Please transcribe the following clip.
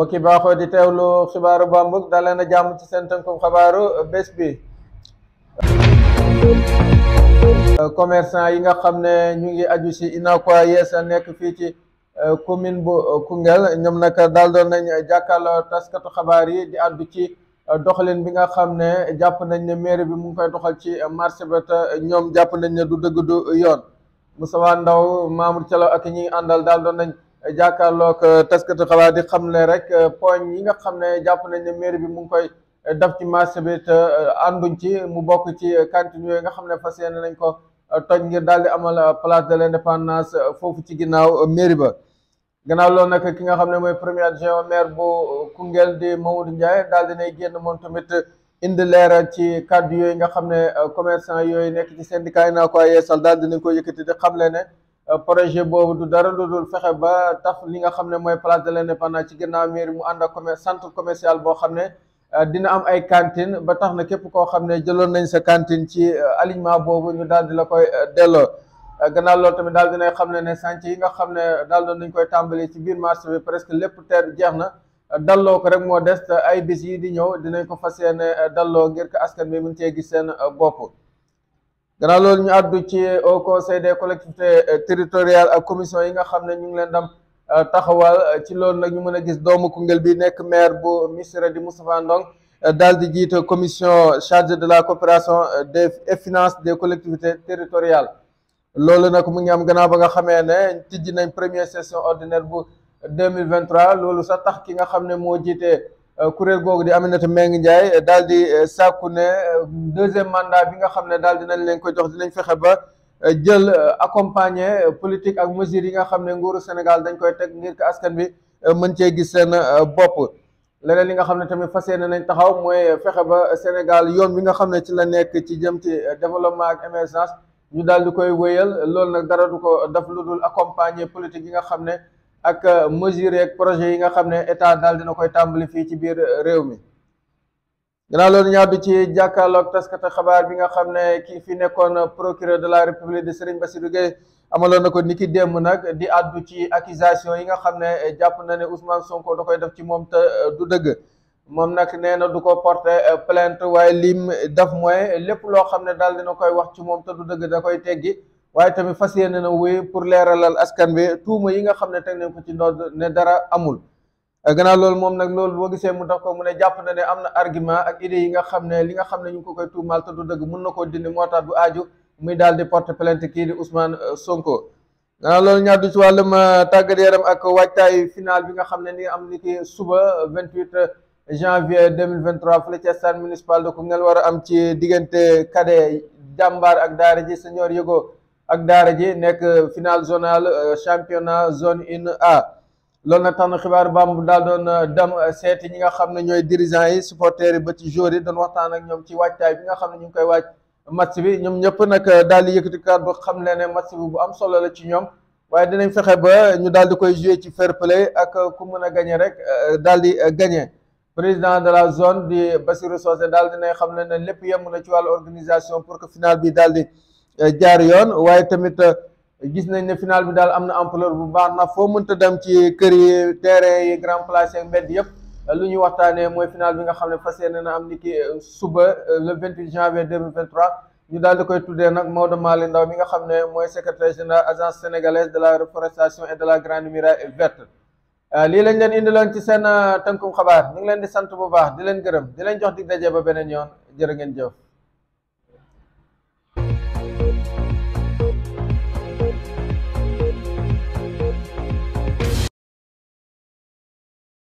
mbokki baaxoo di teewlu xibaaru bambuk daleen na jàmm ci seen tënkum xabaaru bés bi commerçant yi nga xam ne ñu ngi aju ci UNACOIS Yessa nekk fii ci euh, commune bu euh, Koungheul ñoom nag daal doon nañ jàkkaarloo taskatu xabaar yi di àddu ci euh, doxalin bi nga xam ne jàpp nañ ne mairie bi mu ngi koy doxal ci marché ba te ñoom jàpp nañ ne du dëgg du yoon Moussa Ndaw Mamour Thialaw ak ñi àndal daal doon nañ jàkkaarloog euh, taskati xabaar di xam ne rek euh, poñ yi nga xam ne jàpp nañ ne mairie bi mu ngi koy euh, daf ci marché bi te ànduñ ci mu bokk ci cantine yooyu nga xam ne fas yéene nañ ko toj ngir daal di amal place de l'indépendance foofu ci ginnaaw mairie ba gannaaw loolu nag ki nga xam ne mooy premier adjoint maire bu Koungheul di Mamadou Ndiaye daal di nay génn moom tamit indi leeral ci kàddu yooyu nga xam ne commerçant yooyu nekk ci syndicat naa ko yeesal daal dinañ ko yëkkati di xamle ne projet boobu du dara lu dul fexe ba tax li nga xam ne mooy place de l'indépendance ci ginnaaw mairie mu ànd ak commerce centre commercial boo xam ne euh, dina am ay cantine ba tax na képp koo xam ne jëloon nañ sa cantine ci euh, alignement boobu ñu daal di la koy euh, delloo gannaaw loolu tamit daal dinay xam ne ne chantier yi nga xam ne daal doon nañ koy tàmbali ci biir marché bi presque lépp teer jeex na dalloo ko rek moo des ay bis yi di ñëw dinañ ko fas yéene dalloo ngir ko askan bi mun cee gis seen bopp gannaaw loolu ñu àddu ci euh, au conseil des collectivités euh, territoriales ak commission yi nga xam ne ñu ngi leen dam euh, taxawal ci loolu nag ñu mën a gis doomu Koungheul bi nekk maire bu Missirah di Moustapha Ndong daal di jiite commission chargée de la coopération des et finances des collectivités territoriales loolu nag mu ngi am gannaaw ba nga xamee ne tijji nañ première session ordinaire bu 2023 loolu sax tax ki nga xam ne moo jiitee Euh, kuréel googu di Aminata Mbengue Ndiaye euh, daal di euh, sàkku ne deuxième mandat bi nga xam ne daal dinañ leen koy jox dinañ fexe ba jël accompagner politique ak mesures yi nga xam ne nguuru Sénégal dañ koy teg ngir ko askan bi mën cee gis seen bopp leneen li nga xam ne tamit fas yéene nañ taxaw mooy fexe ba Sénégal yoon bi nga xam ne ci la nekk ci jëm ci développement ak émergence ñu daal di koy wéyal loolu nag dara du ko daf lu dul accompagner politique yi nga xam ne ak euh, mesure yeeg projet yi nga xam ne état daal dina koy tàmbali fii ci biir euh, réew mi gannaaw loolu ñaar bi ci jàkkaarloog taskata xabaar bi nga xam ne kii fi nekkoon euh, procureur de la république de Serigne Bassirou Gueye amaloon na ko niki démb nag di àddu ci accusation yi nga xam ne jàpp na ne Ousmane Sonko da koy def ci moom te du dëgg moom nag nee na du ko porte plainte waaye lim daf mooy lépp loo xam ne daal dina koy wax ci moom te du dëgg da koy teggi waaye tamit fas yéene na wéy pour leeralal askan bi tuuma yi nga xam ne teg nañ ko ci ndodd ne dara amul gannaaw loolu moom nag loolu boo gisee mu tax ko mu ne jàpp na ne am na argument ak idée yi nga xam ne li nga xam ne ñu ko koy tuumaal te du dëgg mun na koo dindi moo tax du aaju muy daal di porte plainte kii di Ousmane euh, Sonko gannaaw loolu ñaar du ci wàllum euh, tàggat yaram ak waajtaay final bi nga xam ne ni am ni ki suba 28 janvier 2023 fële ca stade municipal de Koungheul war a am ci diggante cadet jàmbaar ak daara ji senior yëgoo ak daara ji nekk finale zonal euh, championnat zone une A loolu nag tax na xibaar bamb daal doon euh, dam euh, seet ñi nga xam ne ñooy dirigeant yi supporters yi ba ci joueurs yi doon waxtaan ak ñoom ci waajtaay bi nga xam ne ñu ngi koy waaj match bi ñoom ñëpp nag daal di yëkkati kàddu ba xam ne ne match bi bu am solo la ci ñoom waaye dinañ fexe ba ñu daal di koy jouer ci fair play ak ku mën a gagné rek daal di gagné président de la zone di Bassirou Socé daal dinay xam ne ne lépp yem na ci wàllu organisation pour que finale bi daal di. Eh, jaar yoon waaye tamit eh, gis nañ ne final bi daal am na empleur bu baax na foo mënta dem ci kër yi terrain yi grand place ak mbedd yëpp eh, lu ñuy waxtaanee mooy final bi nga xam ne fas yéene na am ni ki suba le 28 janvier 2023 ñu daal di koy tuddee nag Maodo Malick ndaw mi nga xam ne mooy secrétaire général agence sénégalaise de la reforestation et de la grande muraille verte lii lañ leen indiloon ci seen tënkum xabaar ñu ngi leen di sant bu baax di leen gërëm di leen jox dig daje ba beneen yoon jërë ngeen jëf.